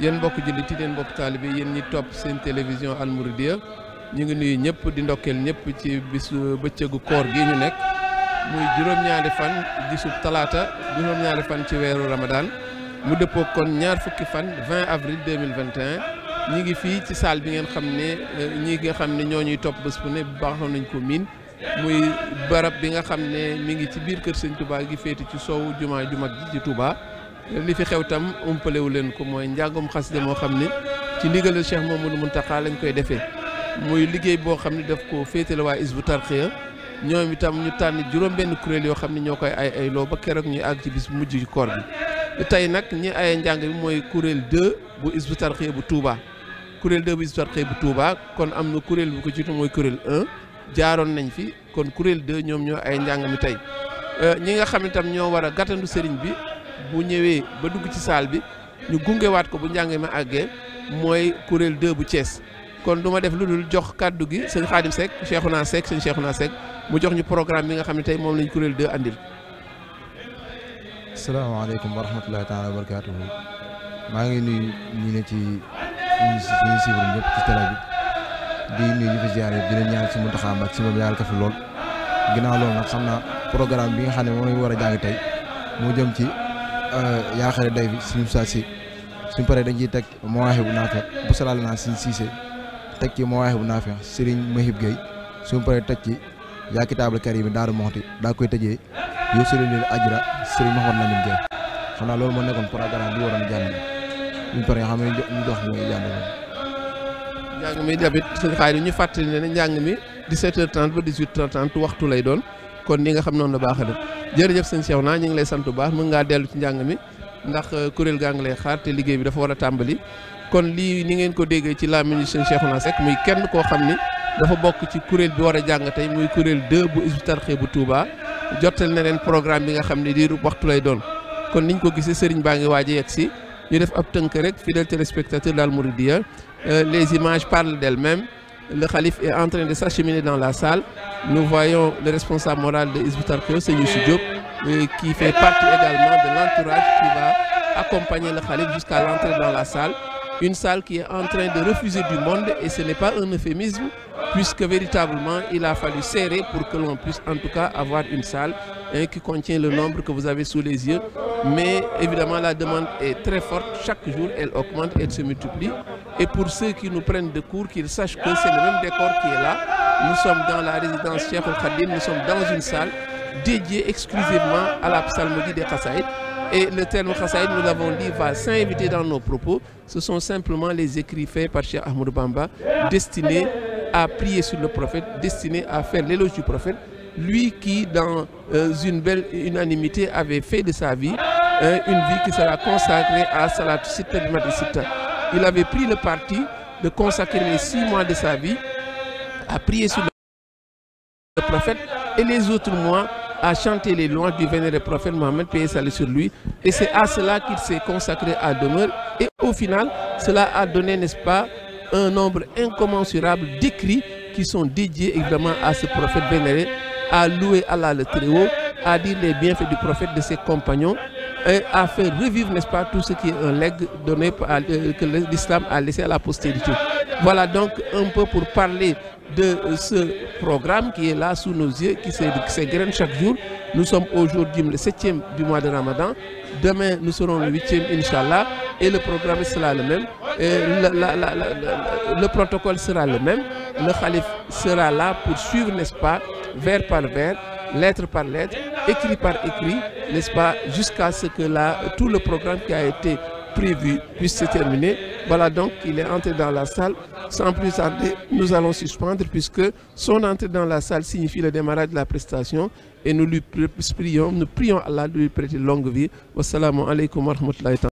yéen mbokk jullit yi yéen mbokk taalibe yéen ñi topp seen télévision Al Mouridiyyah ñu ngi nuyu ñëpp di ndokkeel ñëpp ci bisu bëccëgu koor gi ñu nekk muy juróom-ñaari fan di sub talaata juróom-ñaari fan ci weeru Ramadan mu dëppoo kon ñaar fukki fan 20 avril 2021 ñi ngi fii ci saal bi ngeen xam ne eh, ñi nga xam ne ñoo ñuy topp bés bu ne baaxoon nañ ko miin muy barab bi nga xam ne mu ngi ci biir kër Sëñ Touba gi féete ci soowu jumaa ju mag ji ci tubaa li fi xew tam umpalewu leen ko mooy njàngum xasida moo xam ne ci ndigalal Cheikh Mamadou Mountakha lañ koy defee muy liggéey boo xam ne daf ko féetale waa bu Tarqiyyah ñoom itam ñu tànn juróom-benn kuréel yoo xam ne ñoo koy ay ay loo ba keroog ñuy àgg ci bis bu mujj ci koor bi tey nag ñi aye njàng bi mooy kuréel dë bu bu Tarqiyyah bu Touba kuréel 2 bu Hizbut Tarqiyyah bu Touba kon am na kuréel bu ko jiitu mooy kuréel jaaroon nañ fi kon kuréel d ñoom ñoo ay njàng mi tey ñi nga xam ne ñoo war a gàttandu sëriñ bi bu ñëwee ba dugg ci saal bi ñu gungewaat ko bu njàngee ma àggee mooy kuréel 2 bu Thiès kon du ma def lu dul jox kàddu gi sëñ Xaadim Seck Cheikhouna Seck sëñ Cheikhouna Seck mu jox ñu programme bi nga xam ne moom lañ kuréel 2 andil. salaamaaleykum wa rahmatullahi taala wa barakaatuhu maa ngi nuyu ñu ci ñu si ñu si di nuyu ñu fi ziar ak si moom yàlla ka fi lool ginnaaw loolu programme bi nga xam ne moom la war a jàng tey mu jëm ci. yaaxare day bi suñu saa si suñ paree dañ ciy teg mawaaxe bu naafi bu salaal naa suñ siise teg ci mawaaxe bu naafi Serigne Mahib Gueye suñu paree teg ci yaa kitaabal karim yi Daaru Moxti daa koy tëjee yow Serigne Lil Ajra Serigne Mahamad Lamine Gueye xanaa loolu moo nekkoon programme bi waroon jàng suñ paree xam ne ñu jox mooy jàng njàng mi tamit sëñ Fallou ñu fàttali ne njàng mi 17h30 ba 18h30 waxtu lay doon kon ni nga xam noonu la baax a def jërëjëf sëñ Cheikh naa ñu ngi lay sant bu baax mën ngaa dellu ci njàng mi ndax euh, kuréel gaa ngi lay xaar te liggéey bi dafa war a tàmbali kon lii ni ngeen ko déggee ci làmmiñu sëñ Cheikh naa Seck muy kenn koo xam ni dafa bokk ci kuréel bi war a jàng tey muy kuréel 2 bu Hizbut Tarqiyyah bu Touba jottal na leen programme bi nga xam ne diiru waxtu lay doon kon ñu ko gisee sëriñ baa ngi waaj a yegg si ñu def ab tënk rek fidèle téléspectateur Al Mouridiyyah euh, les images parlent d'elles-mêmes le khalife est en train de s'acheminer dans la salle Nous voyons le responsable moral de Isbutarkeo, c'est Youssou Diop, qui fait partie également de l'entourage qui va accompagner le Khalif jusqu'à l'entrée dans la salle. Une salle qui est en train de refuser du monde et ce n'est pas un euphémisme puisque véritablement il a fallu serrer pour que l'on puisse en tout cas avoir une salle hein, qui contient le nombre que vous avez sous les yeux. Mais évidemment la demande est très forte, chaque jour elle augmente, Et pour ceux qui nous prennent de court, qu'ils sachent que c'est le même décor qui est là. Nous sommes dans la résidence Cheikh Khadim, nous sommes dans une salle dédiée exclusivement à la psalmodie des Khassaïd. Et le terme Khassaïd, nous l'avons dit, va s'inviter dans nos propos. Ce sont simplement les écrits faits par Cheikh Ahmoud Bamba, destinés à prier sur le prophète, destinés à faire l'éloge du prophète. Lui qui, dans euh, une belle unanimité, avait fait de sa vie euh, à Salat Sitta il avait pris le parti de consacrer les six mois de sa vie à prier sur le prophète et les autres mois à chanter les louanges du vénéré prophète Mohammed, paix et sur lui. Et c'est à cela qu'il s'est consacré à demeure. Et au final, cela a donné, n'est-ce pas, un nombre incommensurable d'écrits qui sont dédiés évidemment à ce prophète vénéré, à louer Allah le Très-Haut, à dire les bienfaits du prophète, de ses compagnons, et à faire revivre, n'est-ce pas, tout ce qui est un legs donné à, euh, que l'islam a laissé à la postérité. Voilà donc un peu pour parler de ce programme qui est là sous nos yeux, qui s'égrène chaque jour. Nous sommes aujourd'hui le 7e du mois de Ramadan. Demain, nous serons le 8e, Inch'Allah. Et le programme sera le même. Et la, la, la, le protocole sera le même. là pour suivre, n'est-ce pas, vers par vers, lettre par lettre, écrit par écrit, n'est-ce pas, jusqu'à ce que tout le programme qui a été prévu puisse se terminer. Voilà donc il est entré dans la salle. Sans plus tarder, nous allons suspendre puisque son entrée dans la salle signifie le démarrage de la prestation et nous lui prions, nous prions Allah de longue vie. Wassalamu alaikum wa